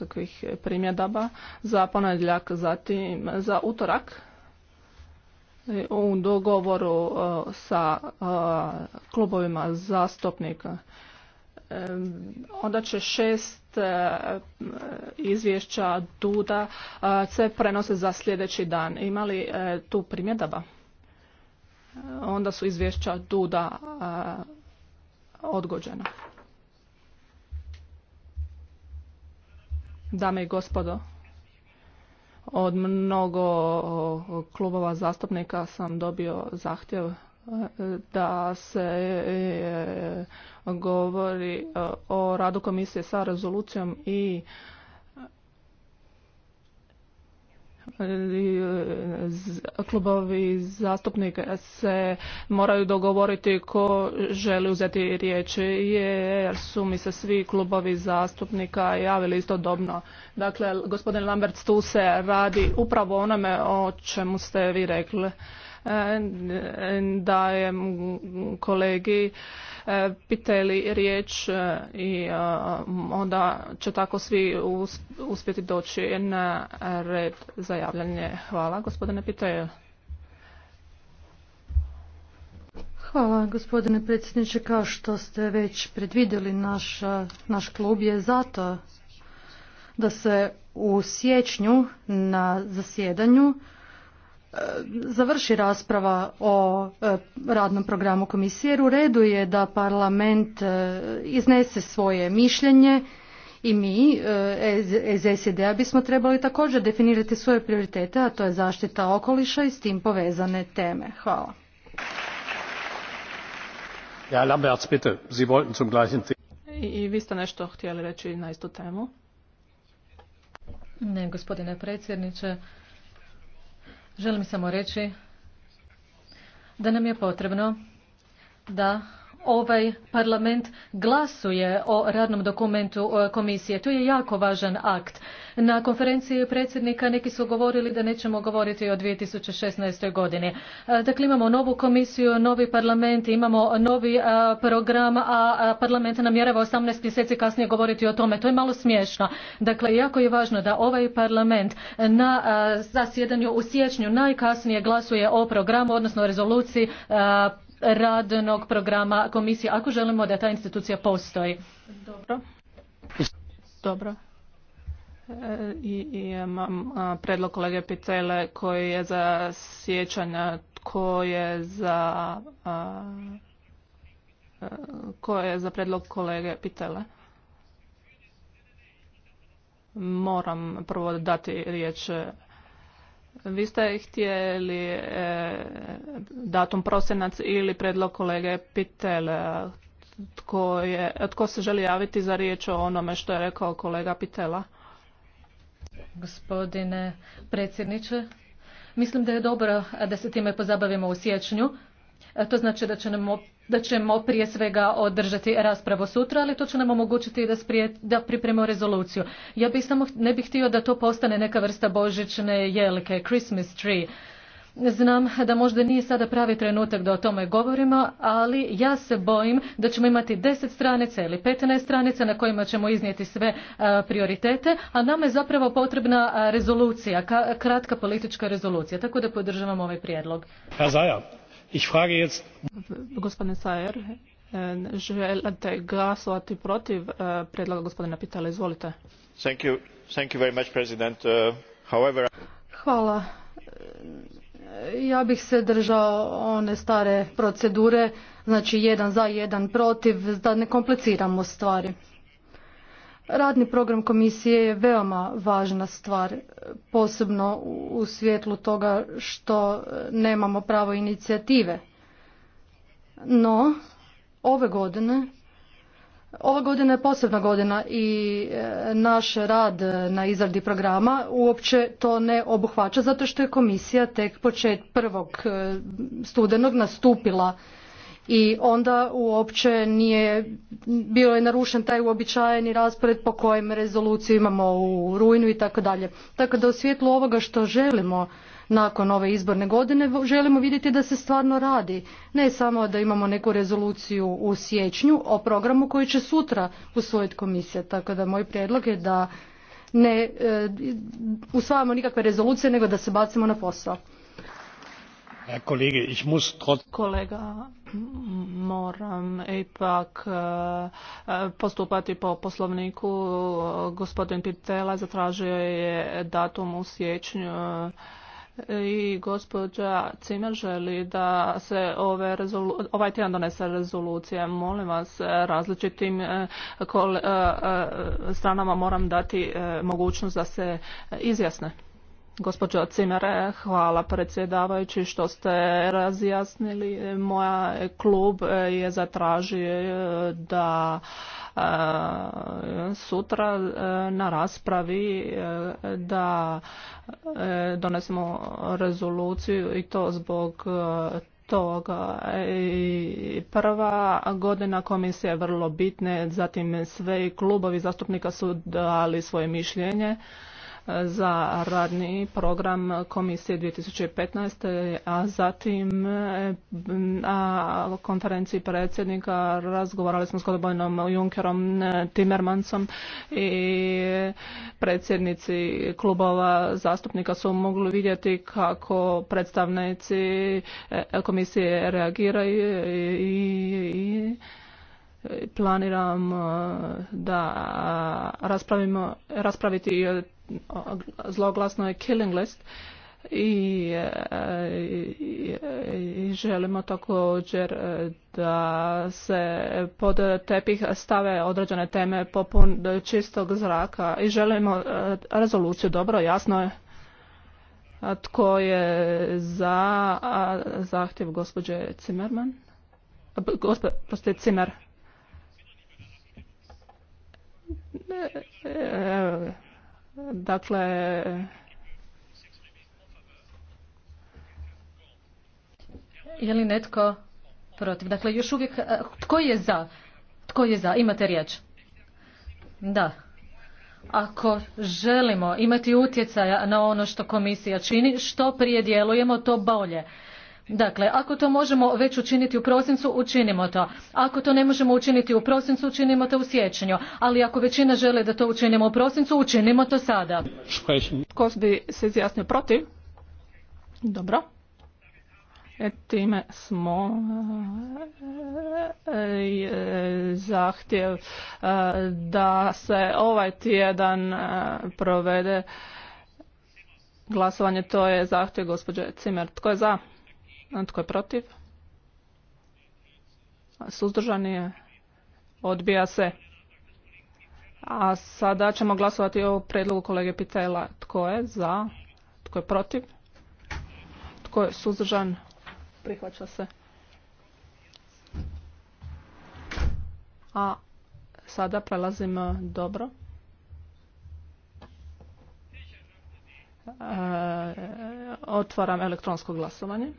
kakvih primjedaba za ponedjeljak, zatim za utorak e, u dogovoru e, sa e, klubovima zastupnika. Onda će šest izvješća Duda se prenose za sljedeći dan. imali tu primjedaba? Onda su izvješća Duda odgođena. dame i gospodo. Od mnogo klubova zastupnika sam dobio zahtjev e, da se e, e, govori o radu komisije sa rezolucijom i klubovi zastupnika se moraju dogovoriti ko želi uzeti riječ jer su mi se svi klubovi zastupnika javili istodobno. Dakle, gospodin Lambert, tu se radi upravo onome o čemu ste vi rekli dajem kolegi e, Piteli riječ e, i e, onda će tako svi uspjeti doći na red za javljanje. Hvala gospodine Piteli. Hvala gospodine predsjedniče. Kao što ste već predvidjeli naš, naš klub je zato da se u siječnju na zasjedanju završi rasprava o e, radnom programu komisije jer u redu je da parlament e, iznese svoje mišljenje i mi e, iz SED-a bismo trebali također definirati svoje prioritete, a to je zaštita okoliša i s tim povezane teme. Hvala. Ja, bitte. Sie wollten zum gleichen I, I vi ste nešto htjeli reći na istu temu? Ne, gospodine predsjedniče. Želim samo reći da nam je potrebno da ovaj parlament glasuje o radnom dokumentu e, komisije. To je jako važan akt. Na konferenciji predsjednika neki su govorili da nećemo govoriti o 2016. godini. E, dakle, imamo novu komisiju, novi parlament, imamo novi e, program, a parlament namjerava 18 mjeseci kasnije govoriti o tome. To je malo smiješno. Dakle, jako je važno da ovaj parlament na zasjedanju u siječnju najkasnije glasuje o programu, odnosno rezoluciji radnog programa komisije, ako želimo da ta institucija postoji. Dobro. Dobro. E, I, imam predlog kolege Pitele koji je za sjećanja, koji je za prijedlog je za predlog kolege Pitele. Moram prvo dati riječ vi ste htjeli e, datum prosinac ili predlog kolege pitel Tko, tko se želi javiti za riječ o onome što je rekao kolega Pitela? Gospodine predsjedniče, mislim da je dobro da se time pozabavimo u siječnju. E, to znači da da ćemo prije svega održati raspravu sutra, ali to će nam omogućiti da, sprije, da pripremimo rezoluciju. Ja bih samo ne bih htio da to postane neka vrsta božićne jelike, Christmas tree. Znam da možda nije sada pravi trenutak da o tome govorimo, ali ja se bojim da ćemo imati 10 stranica ili 15 stranica na kojima ćemo iznijeti sve e, prioritete, a nama je zapravo potrebna e, rezolucija, kratka politička rezolucija, tako da podržavam ovaj prijedlog. Ich frage jetzt... Gospodine Sajer, eh, želite glasovati protiv eh, predloga gospodina Pitala? Izvolite. Thank you. very much, President. Eh, however... Hvala. Ja bih se držao one stare procedure, znači jedan za, jedan protiv, da ne kompliciramo stvari. Radni program komisije je veoma važna stvar, posebno u svjetlu toga što e, nemamo pravo inicijative. No, ove godine, ova godina je posebna godina i e, naš rad na izradi programa uopće to ne obuhvaća zato što je komisija tek počet prvog e, studenog nastupila i onda uopće nije bio je narušen taj uobičajeni raspored po kojem rezoluciju imamo u rujnu i tako dalje. Tako da u svjetlu ovoga što želimo nakon ove izborne godine želimo vidjeti da se stvarno radi. Ne samo da imamo neku rezoluciju u siječnju o programu koji će sutra usvojiti komisija. Tako da moj prijedlog je da ne e, usvajamo nikakve rezolucije nego da se bacimo na posao. E, Kolega, moram ipak e, e, postupati po poslovniku. Gospodin Pitela zatražio je datum u siječnju i gospođa Cimer želi da se ovaj tjedan donese rezolucija. Molim vas, različitim stranama moram dati mogućnost da se izjasne. Gospođo Cimere, hvala predsjedavajući što ste razjasnili. Moja klub je zatražio da e, sutra e, na raspravi e, da donesemo rezoluciju i to zbog toga. prva godina komisije je vrlo bitna, zatim sve klubovi zastupnika su dali svoje mišljenje za radni program komisije 2015. a zatim na konferenciji predsjednika razgovarali smo s gospodinom Junkerom Timmermansom i predsjednici klubova zastupnika su mogli vidjeti kako predstavnici komisije reagiraju i planiram e, da raspravimo, raspraviti e, zloglasno killing list i, e, želimo također da se pod tepih stave određene teme popun čistog zraka i želimo rezoluciju dobro jasno je tko je za zahtjev gospođe Cimerman gospođe Cimer dakle je li netko protiv dakle još uvijek eh, tko je za tko je za imate riječ da ako želimo imati utjecaja na ono što komisija čini što prije djelujemo to bolje Dakle, ako to možemo već učiniti u prosincu, učinimo to. Ako to ne možemo učiniti u prosincu, učinimo to u siječnju. Ali ako većina žele da to učinimo u prosincu, učinimo to sada. Tko bi se izjasnio protiv? Dobro. E, time smo e, e zahtjev e, da se ovaj tjedan e, provede glasovanje. To je zahtjev gospođe Cimer. Tko je za? Tko je protiv? Suzdržan je. Odbija se. A sada ćemo glasovati o predlogu kolege Pitela. Tko je za? Tko je protiv? Tko je suzdržan? Prihvaća se. A sada prelazimo e, dobro. E, otvaram elektronsko glasovanje.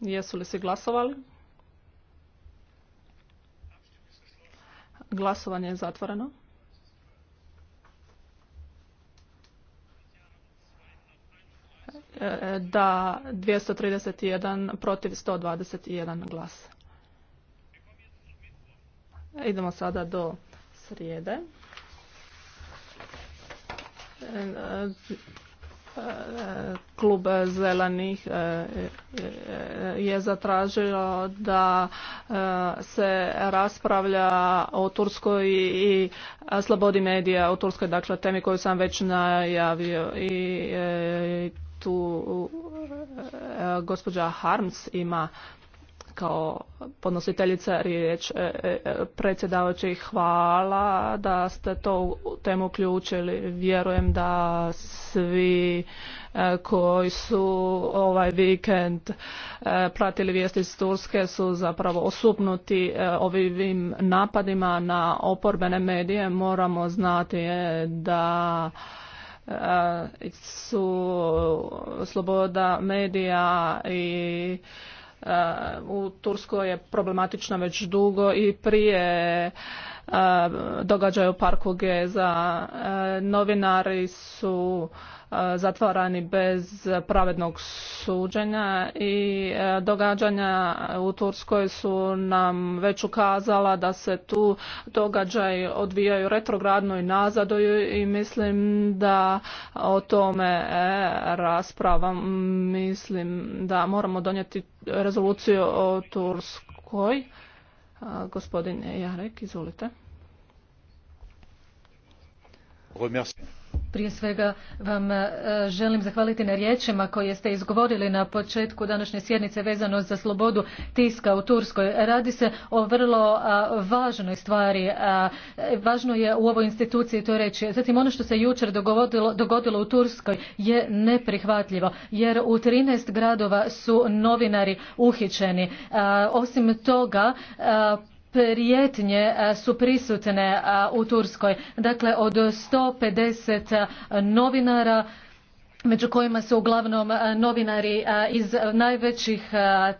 Jesu li svi glasovali? Glasovanje je zatvoreno. E, e, da, 231 protiv 121 glas. Idemo sada do srijede. E, klub zelenih e, e, je zatražio da e, se raspravlja o Turskoj i slobodi medija o Turskoj, dakle temi koju sam već najavio i tu gospođa Harms ima kao podnositeljica riječ e, e, e, predsjedavajući hvala da ste to u temu uključili. Vjerujem da svi koji su ovaj vikend pratili vijesti iz Turske su zapravo osupnuti ovim napadima na oporbene medije. Moramo znati da su sloboda medija i u Turskoj je problematična već dugo i prije događaja u parku Geza. Novinari su zatvarani bez pravednog suđenja i događanja u Turskoj su nam već ukazala da se tu događaj odvijaju retrogradno i nazaduju i mislim da o tome e, rasprava mislim da moramo donijeti rezoluciju o Turskoj a, gospodin Jarek, izvolite. Remercijem prije svega vam e, želim zahvaliti na riječima koje ste izgovorili na početku današnje sjednice vezano za slobodu tiska u Turskoj. Radi se o vrlo važnoj stvari. Važno je u ovoj instituciji to reći. Zatim ono što se jučer dogodilo, u Turskoj je neprihvatljivo jer u 13 gradova su novinari uhićeni. Osim toga prijetnje e, su prisutne e, u Turskoj. Dakle, od 150 e, novinara, među kojima su uglavnom novinari iz najvećih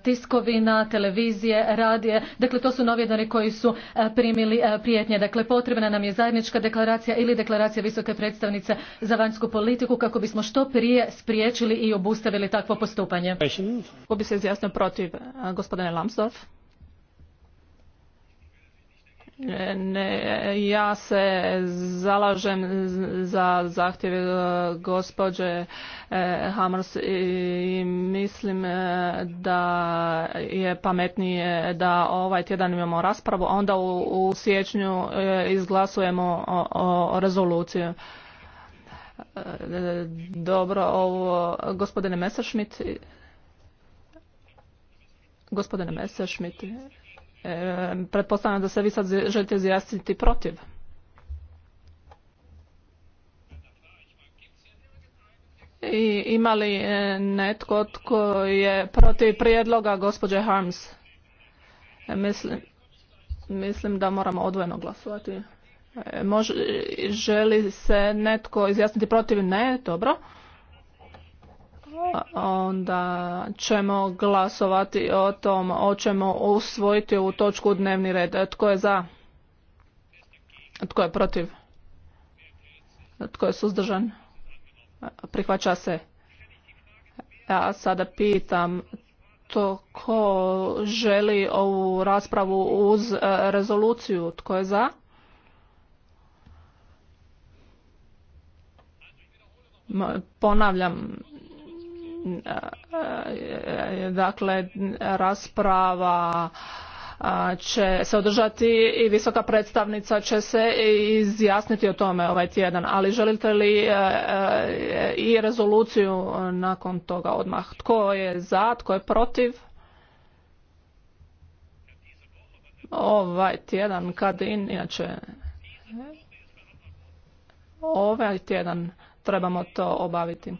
tiskovina, televizije, radije. Dakle, to su novinari koji su primili prijetnje. Dakle, potrebna nam je zajednička deklaracija ili deklaracija visoke predstavnice za vanjsku politiku kako bismo što prije spriječili i obustavili takvo postupanje. Ko bi se izjasnio protiv gospodine Lambsdorff? Ne, ja se zalažem za zahtjeve gospođe e, Hamers i mislim e, da je pametnije da ovaj tjedan imamo raspravu, a onda u, siječnju e, izglasujemo o, o rezoluciju. Dobro, ovo, gospodine Messerschmidt, gospodine Messerschmidt, pretpostavljam da se vi sad želite izjasniti protiv. I ima li e, netko tko je protiv prijedloga gospođe Harms? E, mislim, mislim da moramo odvojeno glasovati. E, može, želi se netko izjasniti protiv? Ne, dobro onda ćemo glasovati o tom hoćemo usvojiti u točku dnevni red. Tko je za? Tko je protiv? Tko je suzdržan? Prihvaća se. Ja sada pitam to tko želi ovu raspravu uz e, rezoluciju. Tko je za? Ponavljam, dakle rasprava će se održati i visoka predstavnica će se izjasniti o tome ovaj tjedan. Ali želite li e, e, i rezoluciju nakon toga odmah? Tko je za, tko je protiv? Ovaj tjedan, kad in, inače ovaj tjedan trebamo to obaviti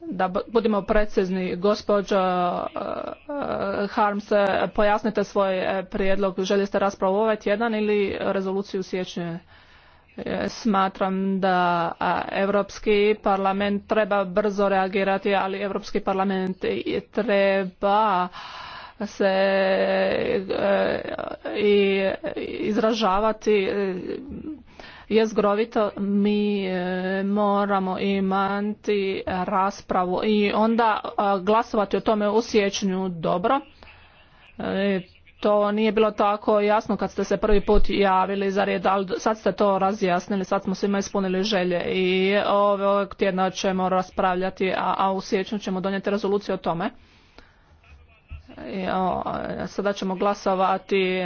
da budemo precizni gospođo e, e, Harms e, pojasnite svoj prijedlog želi ste raspravu ovaj tjedan ili rezoluciju u smatram da europski parlament treba brzo reagirati ali europski parlament treba se i izražavati jezgrovito, mi e, moramo imati raspravu i onda e, glasovati o tome u siječnju dobro. E, to nije bilo tako jasno kad ste se prvi put javili za red, ali sad ste to razjasnili, sad smo svima ispunili želje i ovog tjedna ćemo raspravljati, a, u siječnju ćemo donijeti rezoluciju o tome. sada ćemo glasovati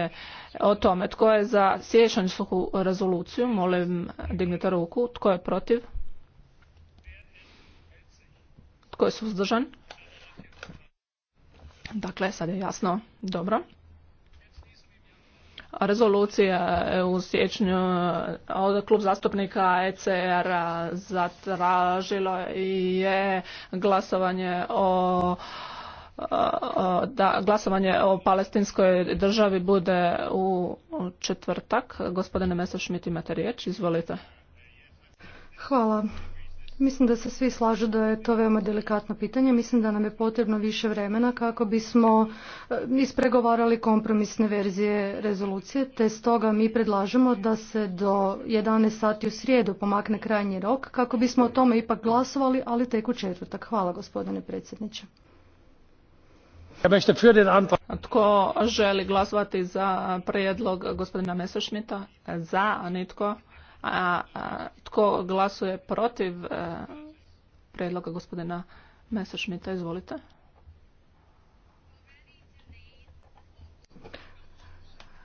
o tome. Tko je za siječanjsku rezoluciju? Molim dignite ruku. Tko je protiv? Tko je suzdržan? Dakle, sad je jasno. Dobro. Rezolucija u siječnju od klub zastupnika ECR zatražilo je glasovanje o da glasovanje o palestinskoj državi bude u četvrtak. Gospodine Messerschmidt imate riječ, izvolite. Hvala. Mislim da se svi slažu da je to veoma delikatno pitanje. Mislim da nam je potrebno više vremena kako bismo eh, ispregovarali kompromisne verzije rezolucije, te stoga mi predlažemo da se do 11 sati u srijedu pomakne krajnji rok kako bismo o tome ipak glasovali, ali tek u četvrtak. Hvala gospodine predsjedniče. Tko želi glasovati za prijedlog gospodina Messerschmitta? Za, a nitko. A, tko glasuje protiv eh, prijedloga gospodina Messerschmitta? Izvolite.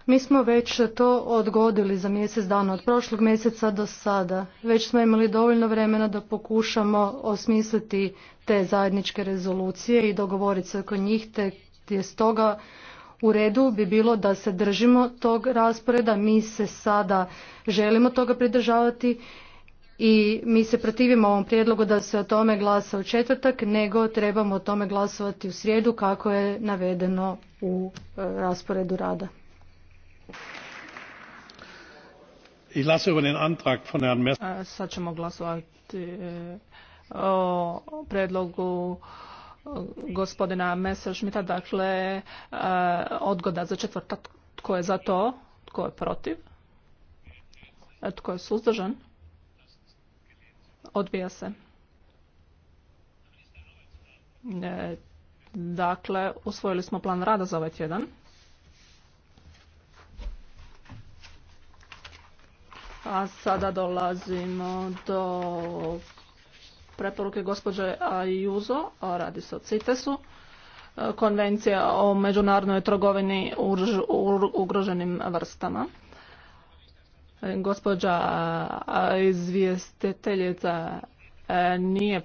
Mi smo već to odgodili za mjesec dana, od prošlog mjeseca do sada. Već smo imali dovoljno vremena da pokušamo osmisliti te zajedničke rezolucije i dogovoriti se oko njih, te je stoga u redu bi bilo da se držimo tog rasporeda. Mi se sada želimo toga pridržavati i mi se protivimo ovom prijedlogu da se o tome glasa u četvrtak, nego trebamo o tome glasovati u srijedu kako je navedeno u e, rasporedu rada. Sad ćemo glasovati e, o prijedlogu e, gospodina Messerschmitta, dakle e, odgoda za četvrtak. Tko je za to? Tko je protiv? Tko je suzdržan? Odbija se. Dakle, usvojili smo plan rada za ovaj tjedan. A sada dolazimo do preporuke gospođe Ajuzo, a radi se o CITES-u, konvencija o međunarodnoj trgovini ugroženim vrstama. Gospođa izvjestiteljica nije